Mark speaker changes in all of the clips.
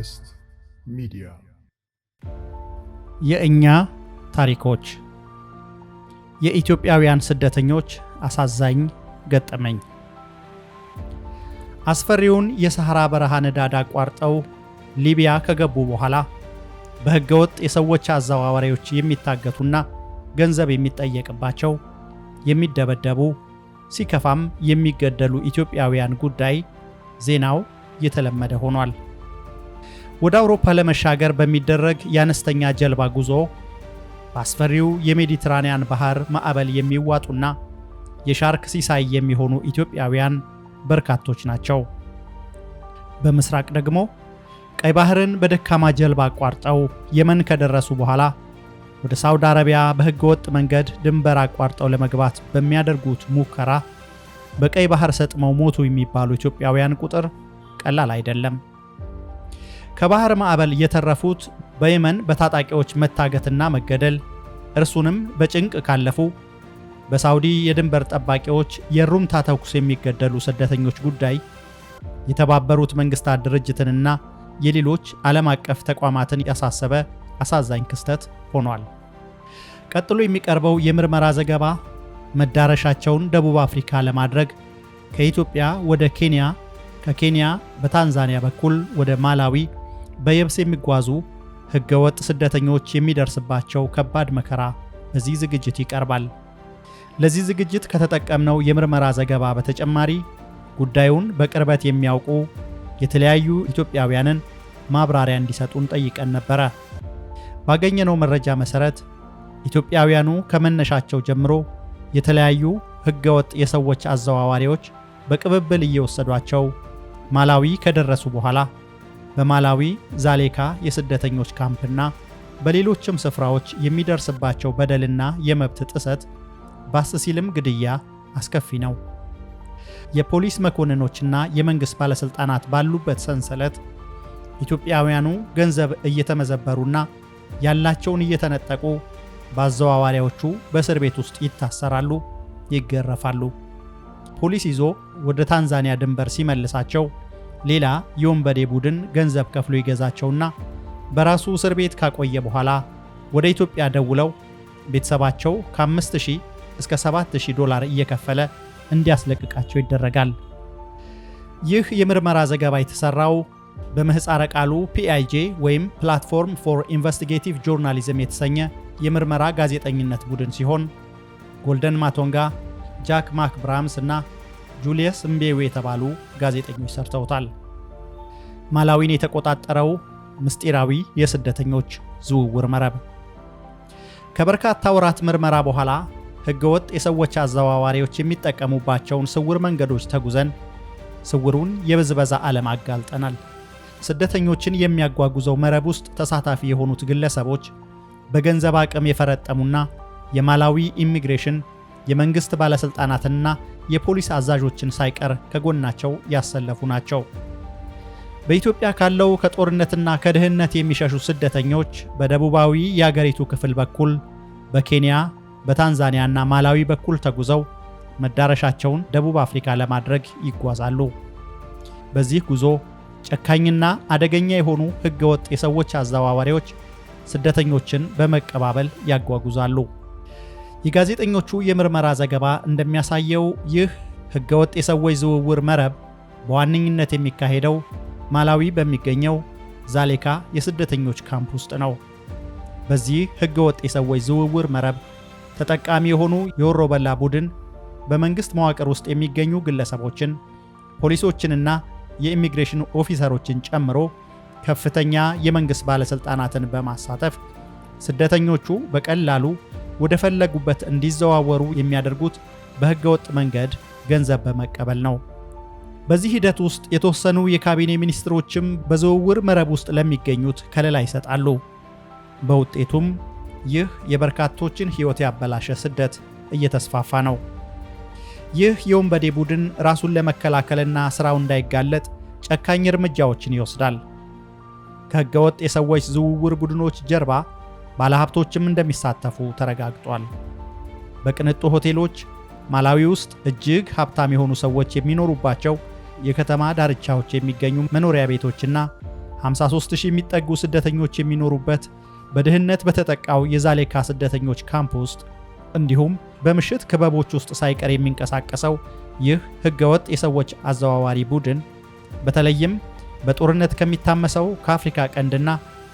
Speaker 1: ፖድካስት ሚዲያ
Speaker 2: የእኛ ታሪኮች የኢትዮጵያውያን ስደተኞች አሳዛኝ ገጠመኝ። አስፈሪውን የሰሐራ በረሃ ነዳድ አቋርጠው ሊቢያ ከገቡ በኋላ ወጥ የሰዎች አዘዋዋሪዎች የሚታገቱና ገንዘብ የሚጠየቅባቸው፣ የሚደበደቡ፣ ሲከፋም የሚገደሉ ኢትዮጵያውያን ጉዳይ ዜናው የተለመደ ሆኗል። ወደ አውሮፓ ለመሻገር በሚደረግ የአነስተኛ ጀልባ ጉዞ በአስፈሪው የሜዲትራንያን ባህር ማዕበል የሚዋጡና የሻርክ ሲሳይ የሚሆኑ ኢትዮጵያውያን በርካቶች ናቸው። በምስራቅ ደግሞ ቀይ ባህርን በደካማ ጀልባ አቋርጠው የመን ከደረሱ በኋላ ወደ ሳውዲ አረቢያ ወጥ መንገድ ድንበር አቋርጠው ለመግባት በሚያደርጉት ሙከራ በቀይ ባህር ሰጥመው ሞቱ የሚባሉ ኢትዮጵያውያን ቁጥር ቀላል አይደለም። ከባህር ማዕበል የተረፉት በየመን በታጣቂዎች መታገትና መገደል እርሱንም በጭንቅ ካለፉ በሳውዲ የድንበር ጠባቂዎች የሩምታ ተኩስ የሚገደሉ ስደተኞች ጉዳይ የተባበሩት መንግስታት ድርጅትንና የሌሎች ዓለም አቀፍ ተቋማትን ያሳሰበ አሳዛኝ ክስተት ሆኗል። ቀጥሎ የሚቀርበው የምርመራ ዘገባ መዳረሻቸውን ደቡብ አፍሪካ ለማድረግ ከኢትዮጵያ ወደ ኬንያ፣ ከኬንያ በታንዛኒያ በኩል ወደ ማላዊ በየብስ የሚጓዙ ህገወጥ ስደተኞች የሚደርስባቸው ከባድ መከራ በዚህ ዝግጅት ይቀርባል። ለዚህ ዝግጅት ከተጠቀምነው የምርመራ ዘገባ በተጨማሪ ጉዳዩን በቅርበት የሚያውቁ የተለያዩ ኢትዮጵያውያንን ማብራሪያ እንዲሰጡን ጠይቀን ነበረ። ባገኘነው መረጃ መሰረት ኢትዮጵያውያኑ ከመነሻቸው ጀምሮ የተለያዩ ህገወጥ የሰዎች አዘዋዋሪዎች በቅብብል እየወሰዷቸው ማላዊ ከደረሱ በኋላ በማላዊ ዛሌካ የስደተኞች ካምፕና በሌሎችም ስፍራዎች የሚደርስባቸው በደልና የመብት ጥሰት ባስ ሲልም ግድያ አስከፊ ነው። የፖሊስ መኮንኖችና የመንግሥት ባለሥልጣናት ባሉበት ሰንሰለት ኢትዮጵያውያኑ ገንዘብ እየተመዘበሩና ያላቸውን እየተነጠቁ በአዘዋዋሪዎቹ በእስር ቤት ውስጥ ይታሰራሉ፣ ይገረፋሉ። ፖሊስ ይዞ ወደ ታንዛኒያ ድንበር ሲመልሳቸው ሌላ የወንበዴ ቡድን ገንዘብ ከፍሎ ይገዛቸውና በራሱ እስር ቤት ካቆየ በኋላ ወደ ኢትዮጵያ ደውለው ቤተሰባቸው ከ5000 እስከ 7000 ዶላር እየከፈለ እንዲያስለቅቃቸው ይደረጋል። ይህ የምርመራ ዘገባ የተሰራው በምህፃረ ቃሉ ፒአይጄ ወይም ፕላትፎርም ፎር ኢንቨስቲጌቲቭ ጆርናሊዝም የተሰኘ የምርመራ ጋዜጠኝነት ቡድን ሲሆን ጎልደን ማቶንጋ፣ ጃክ ማክ ብራምስ እና ጁልየስ እምቤዌ የተባሉ ጋዜጠኞች ሰርተውታል። ማላዊን የተቆጣጠረው ምስጢራዊ የስደተኞች ዝውውር መረብ ከበርካታ ወራት ምርመራ በኋላ ህገወጥ የሰዎች አዘዋዋሪዎች የሚጠቀሙባቸውን ስውር መንገዶች ተጉዘን ስውሩን የብዝበዛ ዓለም አጋልጠናል። ስደተኞችን የሚያጓጉዘው መረብ ውስጥ ተሳታፊ የሆኑት ግለሰቦች በገንዘብ አቅም የፈረጠሙና የማላዊ ኢሚግሬሽን የመንግሥት ባለሥልጣናትና የፖሊስ አዛዦችን ሳይቀር ከጎናቸው ያሰለፉ ናቸው። በኢትዮጵያ ካለው ከጦርነትና ከድህነት የሚሸሹ ስደተኞች በደቡባዊ የአገሪቱ ክፍል በኩል በኬንያ በታንዛኒያና ማላዊ በኩል ተጉዘው መዳረሻቸውን ደቡብ አፍሪካ ለማድረግ ይጓዛሉ። በዚህ ጉዞ ጨካኝና አደገኛ የሆኑ ሕገወጥ የሰዎች አዘዋዋሪዎች ስደተኞችን በመቀባበል ያጓጉዛሉ። የጋዜጠኞቹ የምርመራ ዘገባ እንደሚያሳየው ይህ ህገወጥ የሰዎች ዝውውር መረብ በዋነኝነት የሚካሄደው ማላዊ በሚገኘው ዛሌካ የስደተኞች ካምፕ ውስጥ ነው። በዚህ ህገወጥ የሰዎች ዝውውር መረብ ተጠቃሚ የሆኑ የወሮበላ ቡድን በመንግሥት መዋቅር ውስጥ የሚገኙ ግለሰቦችን፣ ፖሊሶችንና የኢሚግሬሽን ኦፊሰሮችን ጨምሮ ከፍተኛ የመንግሥት ባለሥልጣናትን በማሳተፍ ስደተኞቹ በቀላሉ ወደ ፈለጉበት እንዲዘዋወሩ የሚያደርጉት በህገወጥ መንገድ ገንዘብ በመቀበል ነው። በዚህ ሂደት ውስጥ የተወሰኑ የካቢኔ ሚኒስትሮችም በዝውውር መረብ ውስጥ ለሚገኙት ከለላ ይሰጣሉ። በውጤቱም ይህ የበርካቶችን ሕይወት ያበላሸ ስደት እየተስፋፋ ነው። ይህ የወንበዴ ቡድን ራሱን ለመከላከልና ሥራው እንዳይጋለጥ ጨካኝ እርምጃዎችን ይወስዳል። ወጥ የሰዎች ዝውውር ቡድኖች ጀርባ ባለሀብቶችም እንደሚሳተፉ ተረጋግጧል። በቅንጡ ሆቴሎች ማላዊ ውስጥ እጅግ ሀብታም የሆኑ ሰዎች የሚኖሩባቸው የከተማ ዳርቻዎች የሚገኙ መኖሪያ ቤቶችና 53000 የሚጠጉ ስደተኞች የሚኖሩበት በድህነት በተጠቃው የዛሌካ ስደተኞች ካምፕ ውስጥ እንዲሁም በምሽት ክበቦች ውስጥ ሳይቀር የሚንቀሳቀሰው ይህ ህገወጥ የሰዎች አዘዋዋሪ ቡድን በተለይም በጦርነት ከሚታመሰው ከአፍሪካ ቀንድና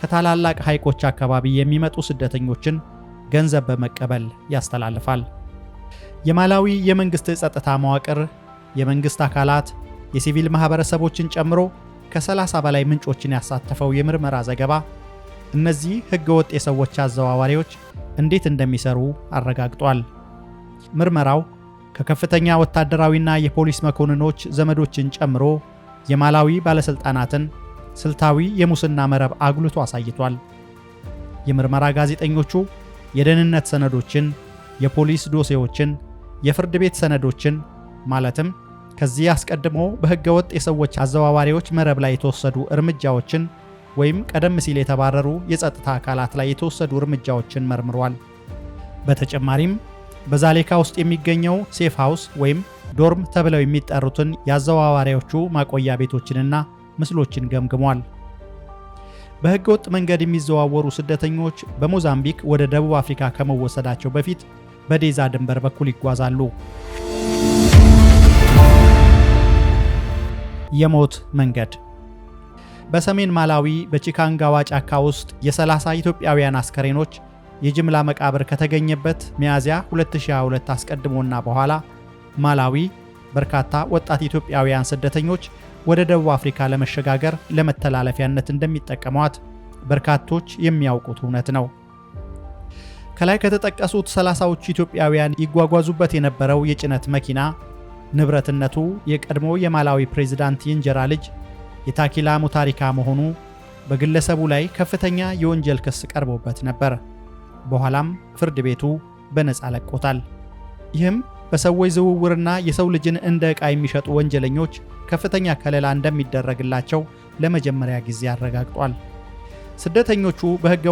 Speaker 2: ከታላላቅ ሐይቆች አካባቢ የሚመጡ ስደተኞችን ገንዘብ በመቀበል ያስተላልፋል። የማላዊ የመንግሥት ጸጥታ መዋቅር የመንግሥት አካላት የሲቪል ማኅበረሰቦችን ጨምሮ ከ30 በላይ ምንጮችን ያሳተፈው የምርመራ ዘገባ እነዚህ ሕገወጥ የሰዎች አዘዋዋሪዎች እንዴት እንደሚሰሩ አረጋግጧል። ምርመራው ከከፍተኛ ወታደራዊና የፖሊስ መኮንኖች ዘመዶችን ጨምሮ የማላዊ ባለሥልጣናትን ስልታዊ የሙስና መረብ አጉልቶ አሳይቷል። የምርመራ ጋዜጠኞቹ የደህንነት ሰነዶችን፣ የፖሊስ ዶሴዎችን፣ የፍርድ ቤት ሰነዶችን ማለትም ከዚህ አስቀድሞ በሕገ ወጥ የሰዎች አዘዋዋሪዎች መረብ ላይ የተወሰዱ እርምጃዎችን ወይም ቀደም ሲል የተባረሩ የጸጥታ አካላት ላይ የተወሰዱ እርምጃዎችን መርምሯል። በተጨማሪም በዛሌካ ውስጥ የሚገኘው ሴፍ ሃውስ ወይም ዶርም ተብለው የሚጠሩትን የአዘዋዋሪዎቹ ማቆያ ቤቶችንና ምስሎችን ገምግሟል። በሕገ ወጥ መንገድ የሚዘዋወሩ ስደተኞች በሞዛምቢክ ወደ ደቡብ አፍሪካ ከመወሰዳቸው በፊት በዴዛ ድንበር በኩል ይጓዛሉ። የሞት መንገድ በሰሜን ማላዊ በቺካንጋዋ ጫካ ውስጥ የ30 ኢትዮጵያውያን አስከሬኖች የጅምላ መቃብር ከተገኘበት ሚያዝያ 2022 አስቀድሞና በኋላ ማላዊ በርካታ ወጣት ኢትዮጵያውያን ስደተኞች ወደ ደቡብ አፍሪካ ለመሸጋገር ለመተላለፊያነት እንደሚጠቀሟት በርካቶች የሚያውቁት እውነት ነው። ከላይ ከተጠቀሱት ሰላሳዎቹ ኢትዮጵያውያን ይጓጓዙበት የነበረው የጭነት መኪና ንብረትነቱ የቀድሞ የማላዊ ፕሬዚዳንት የእንጀራ ልጅ የታኪላ ሙታሪካ መሆኑ በግለሰቡ ላይ ከፍተኛ የወንጀል ክስ ቀርቦበት ነበር። በኋላም ፍርድ ቤቱ በነፃ ለቆታል። ይህም በሰዎች ዝውውርና የሰው ልጅን እንደ ዕቃ የሚሸጡ ወንጀለኞች ከፍተኛ ከለላ እንደሚደረግላቸው ለመጀመሪያ ጊዜ አረጋግጧል። ስደተኞቹ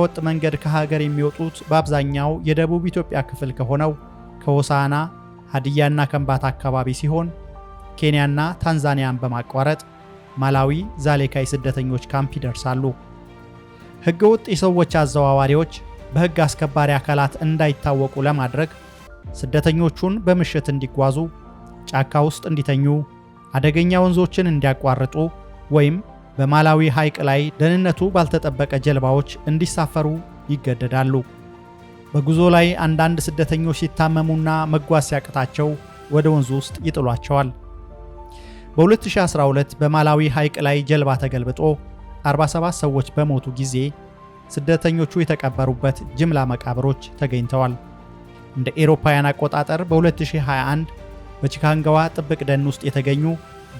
Speaker 2: ወጥ መንገድ ከሀገር የሚወጡት በአብዛኛው የደቡብ ኢትዮጵያ ክፍል ከሆነው ከሆሳና ሀዲያና ከንባታ አካባቢ ሲሆን ኬንያና ታንዛኒያን በማቋረጥ ማላዊ ዛሌካይ ስደተኞች ካምፕ ይደርሳሉ። ወጥ የሰዎች አዘዋዋሪዎች በሕግ አስከባሪ አካላት እንዳይታወቁ ለማድረግ ስደተኞቹን በምሽት እንዲጓዙ፣ ጫካ ውስጥ እንዲተኙ፣ አደገኛ ወንዞችን እንዲያቋርጡ ወይም በማላዊ ሐይቅ ላይ ደህንነቱ ባልተጠበቀ ጀልባዎች እንዲሳፈሩ ይገደዳሉ። በጉዞ ላይ አንዳንድ ስደተኞች ሲታመሙና መጓዝ ሲያቅታቸው ወደ ወንዙ ውስጥ ይጥሏቸዋል። በ2012 በማላዊ ሐይቅ ላይ ጀልባ ተገልብጦ 47 ሰዎች በሞቱ ጊዜ ስደተኞቹ የተቀበሩበት ጅምላ መቃብሮች ተገኝተዋል። እንደ ኤሮፓውያን አቆጣጠር በ2021 በቺካንጋዋ ጥብቅ ደን ውስጥ የተገኙ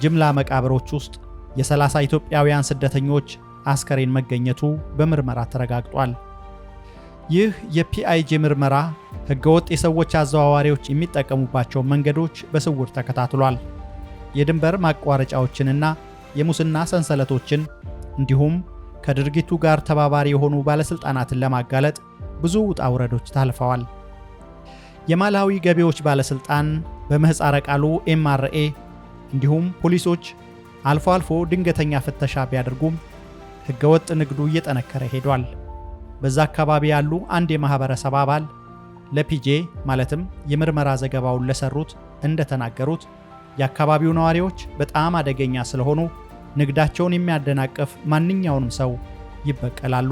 Speaker 2: ጅምላ መቃብሮች ውስጥ የ30 ኢትዮጵያውያን ስደተኞች አስከሬን መገኘቱ በምርመራ ተረጋግጧል። ይህ የፒአይጂ ምርመራ ህገወጥ የሰዎች አዘዋዋሪዎች የሚጠቀሙባቸውን መንገዶች በስውር ተከታትሏል። የድንበር ማቋረጫዎችንና የሙስና ሰንሰለቶችን እንዲሁም ከድርጊቱ ጋር ተባባሪ የሆኑ ባለሥልጣናትን ለማጋለጥ ብዙ ውጣ ውረዶች ታልፈዋል። የማላዊ ገቢዎች ባለሥልጣን በምህፃረ ቃሉ ኤምአርኤ እንዲሁም ፖሊሶች አልፎ አልፎ ድንገተኛ ፍተሻ ቢያደርጉም ሕገወጥ ንግዱ እየጠነከረ ሄዷል። በዛ አካባቢ ያሉ አንድ የማኅበረሰብ አባል ለፒጄ ማለትም የምርመራ ዘገባውን ለሰሩት እንደተናገሩት የአካባቢው ነዋሪዎች በጣም አደገኛ ስለሆኑ ንግዳቸውን የሚያደናቅፍ ማንኛውንም ሰው ይበቀላሉ።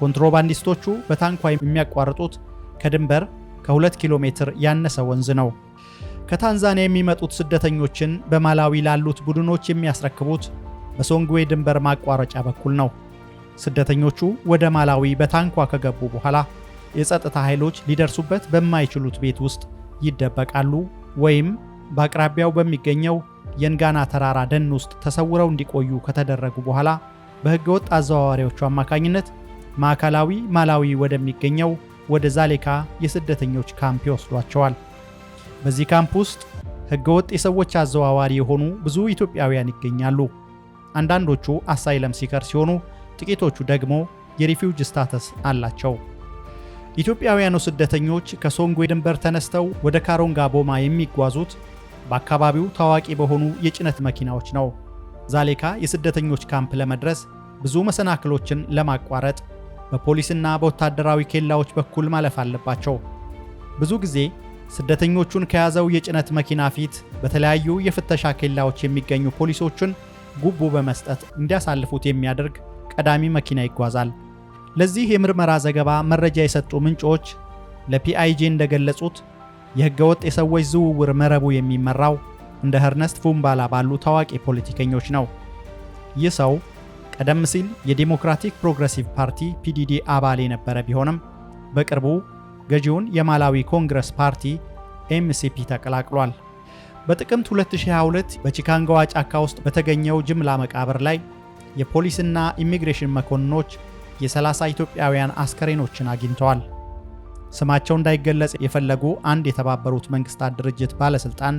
Speaker 2: ኮንትሮባንዲስቶቹ በታንኳ የሚያቋርጡት ከድንበር ከሁለት ኪሎ ሜትር ያነሰ ወንዝ ነው። ከታንዛኒያ የሚመጡት ስደተኞችን በማላዊ ላሉት ቡድኖች የሚያስረክቡት በሶንግዌ ድንበር ማቋረጫ በኩል ነው። ስደተኞቹ ወደ ማላዊ በታንኳ ከገቡ በኋላ የጸጥታ ኃይሎች ሊደርሱበት በማይችሉት ቤት ውስጥ ይደበቃሉ ወይም በአቅራቢያው በሚገኘው የንጋና ተራራ ደን ውስጥ ተሰውረው እንዲቆዩ ከተደረጉ በኋላ በሕገወጥ አዘዋዋሪዎቹ አማካኝነት ማዕከላዊ ማላዊ ወደሚገኘው ወደ ዛሌካ የስደተኞች ካምፕ ይወስዷቸዋል። በዚህ ካምፕ ውስጥ ህገወጥ የሰዎች አዘዋዋሪ የሆኑ ብዙ ኢትዮጵያውያን ይገኛሉ። አንዳንዶቹ አሳይለም ሲከር ሲሆኑ፣ ጥቂቶቹ ደግሞ የሪፊውጅ ስታተስ አላቸው። ኢትዮጵያውያኑ ስደተኞች ከሶንጎ ድንበር ተነስተው ወደ ካሮንጋ ቦማ የሚጓዙት በአካባቢው ታዋቂ በሆኑ የጭነት መኪናዎች ነው። ዛሌካ የስደተኞች ካምፕ ለመድረስ ብዙ መሰናክሎችን ለማቋረጥ በፖሊስና በወታደራዊ ኬላዎች በኩል ማለፍ አለባቸው። ብዙ ጊዜ ስደተኞቹን ከያዘው የጭነት መኪና ፊት በተለያዩ የፍተሻ ኬላዎች የሚገኙ ፖሊሶችን ጉቦ በመስጠት እንዲያሳልፉት የሚያደርግ ቀዳሚ መኪና ይጓዛል። ለዚህ የምርመራ ዘገባ መረጃ የሰጡ ምንጮች ለፒአይጄ እንደገለጹት የህገወጥ የሰዎች ዝውውር መረቡ የሚመራው እንደ ኸርነስት ፉምባላ ባሉ ታዋቂ ፖለቲከኞች ነው። ይህ ሰው ቀደም ሲል የዴሞክራቲክ ፕሮግረሲቭ ፓርቲ ፒዲዲ አባል የነበረ ቢሆንም በቅርቡ ገዢውን የማላዊ ኮንግረስ ፓርቲ ኤምሲፒ ተቀላቅሏል። በጥቅምት 2022 በቺካንጋዋ ጫካ ውስጥ በተገኘው ጅምላ መቃብር ላይ የፖሊስና ኢሚግሬሽን መኮንኖች የ30 ኢትዮጵያውያን አስከሬኖችን አግኝተዋል። ስማቸው እንዳይገለጽ የፈለጉ አንድ የተባበሩት መንግስታት ድርጅት ባለሥልጣን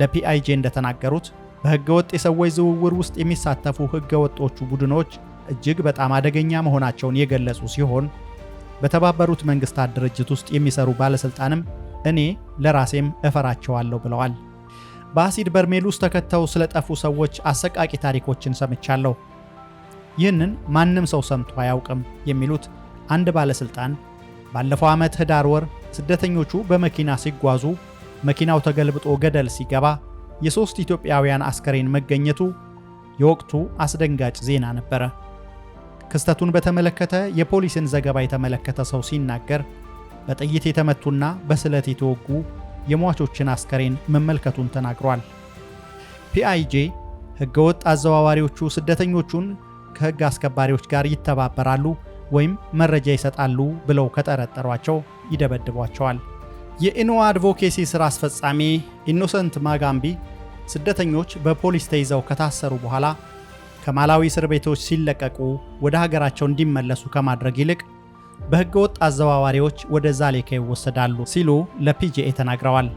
Speaker 2: ለፒአይጄ እንደተናገሩት በህገወጥ የሰዎች ዝውውር ውስጥ የሚሳተፉ ህገወጦቹ ቡድኖች እጅግ በጣም አደገኛ መሆናቸውን የገለጹ ሲሆን በተባበሩት መንግስታት ድርጅት ውስጥ የሚሰሩ ባለሥልጣንም እኔ ለራሴም እፈራቸዋለሁ ብለዋል። በአሲድ በርሜል ውስጥ ተከተው ስለጠፉ ሰዎች አሰቃቂ ታሪኮችን ሰምቻለሁ። ይህንን ማንም ሰው ሰምቶ አያውቅም የሚሉት አንድ ባለሥልጣን ባለፈው ዓመት ህዳር ወር ስደተኞቹ በመኪና ሲጓዙ መኪናው ተገልብጦ ገደል ሲገባ የሦስት ኢትዮጵያውያን አስከሬን መገኘቱ የወቅቱ አስደንጋጭ ዜና ነበረ። ክስተቱን በተመለከተ የፖሊስን ዘገባ የተመለከተ ሰው ሲናገር በጥይት የተመቱና በስለት የተወጉ የሟቾችን አስከሬን መመልከቱን ተናግሯል። ፒአይጄ ሕገወጥ አዘዋዋሪዎቹ ስደተኞቹን ከሕግ አስከባሪዎች ጋር ይተባበራሉ ወይም መረጃ ይሰጣሉ ብለው ከጠረጠሯቸው ይደበድቧቸዋል። የኢኖ አድቮኬሲ ሥራ አስፈጻሚ ኢኖሰንት ማጋምቢ ስደተኞች በፖሊስ ተይዘው ከታሰሩ በኋላ ከማላዊ እስር ቤቶች ሲለቀቁ ወደ ሀገራቸው እንዲመለሱ ከማድረግ ይልቅ በህገወጥ አዘዋዋሪዎች ወደ ዛሌካ ይወሰዳሉ ሲሉ ለፒጄኤ ተናግረዋል።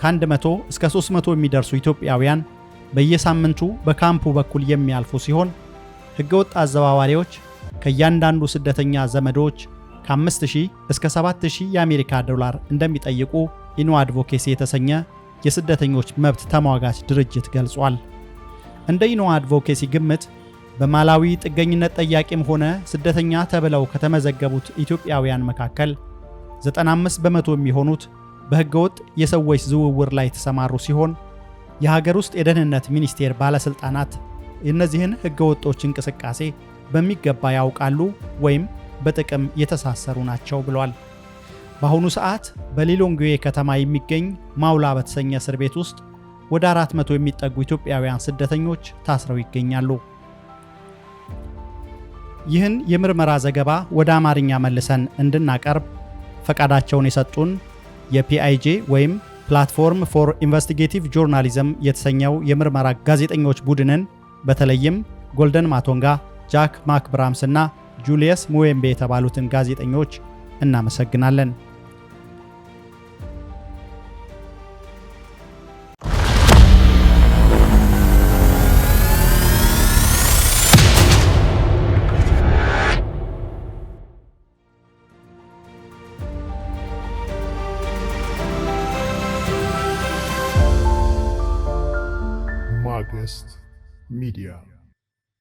Speaker 2: ከ100 እስከ 300 የሚደርሱ ኢትዮጵያውያን በየሳምንቱ በካምፑ በኩል የሚያልፉ ሲሆን ወጥ አዘዋዋሪዎች ከእያንዳንዱ ስደተኛ ዘመዶች ከ5000 እስከ 7000 የአሜሪካ ዶላር እንደሚጠይቁ ኢኖ አድቮኬሲ የተሰኘ የስደተኞች መብት ተሟጋች ድርጅት ገልጿል። እንደ ኢኖ አድቮኬሲ ግምት በማላዊ ጥገኝነት ጠያቂም ሆነ ስደተኛ ተብለው ከተመዘገቡት ኢትዮጵያውያን መካከል 95 በመቶ የሚሆኑት በሕገወጥ የሰዎች ዝውውር ላይ የተሰማሩ ሲሆን የሀገር ውስጥ የደህንነት ሚኒስቴር ባለሥልጣናት እነዚህን ሕገወጦች እንቅስቃሴ በሚገባ ያውቃሉ ወይም በጥቅም የተሳሰሩ ናቸው ብሏል። በአሁኑ ሰዓት በሊሎንግዌ ከተማ የሚገኝ ማውላ በተሰኘ እስር ቤት ውስጥ ወደ 400 የሚጠጉ ኢትዮጵያውያን ስደተኞች ታስረው ይገኛሉ። ይህን የምርመራ ዘገባ ወደ አማርኛ መልሰን እንድናቀርብ ፈቃዳቸውን የሰጡን የፒአይጄ ወይም ፕላትፎርም ፎር ኢንቨስቲጌቲቭ ጆርናሊዝም የተሰኘው የምርመራ ጋዜጠኞች ቡድንን በተለይም ጎልደን ማቶንጋ፣ ጃክ ማክብራምስ እና ጁልየስ ሙዌምቤ የተባሉትን ጋዜጠኞች እናመሰግናለን።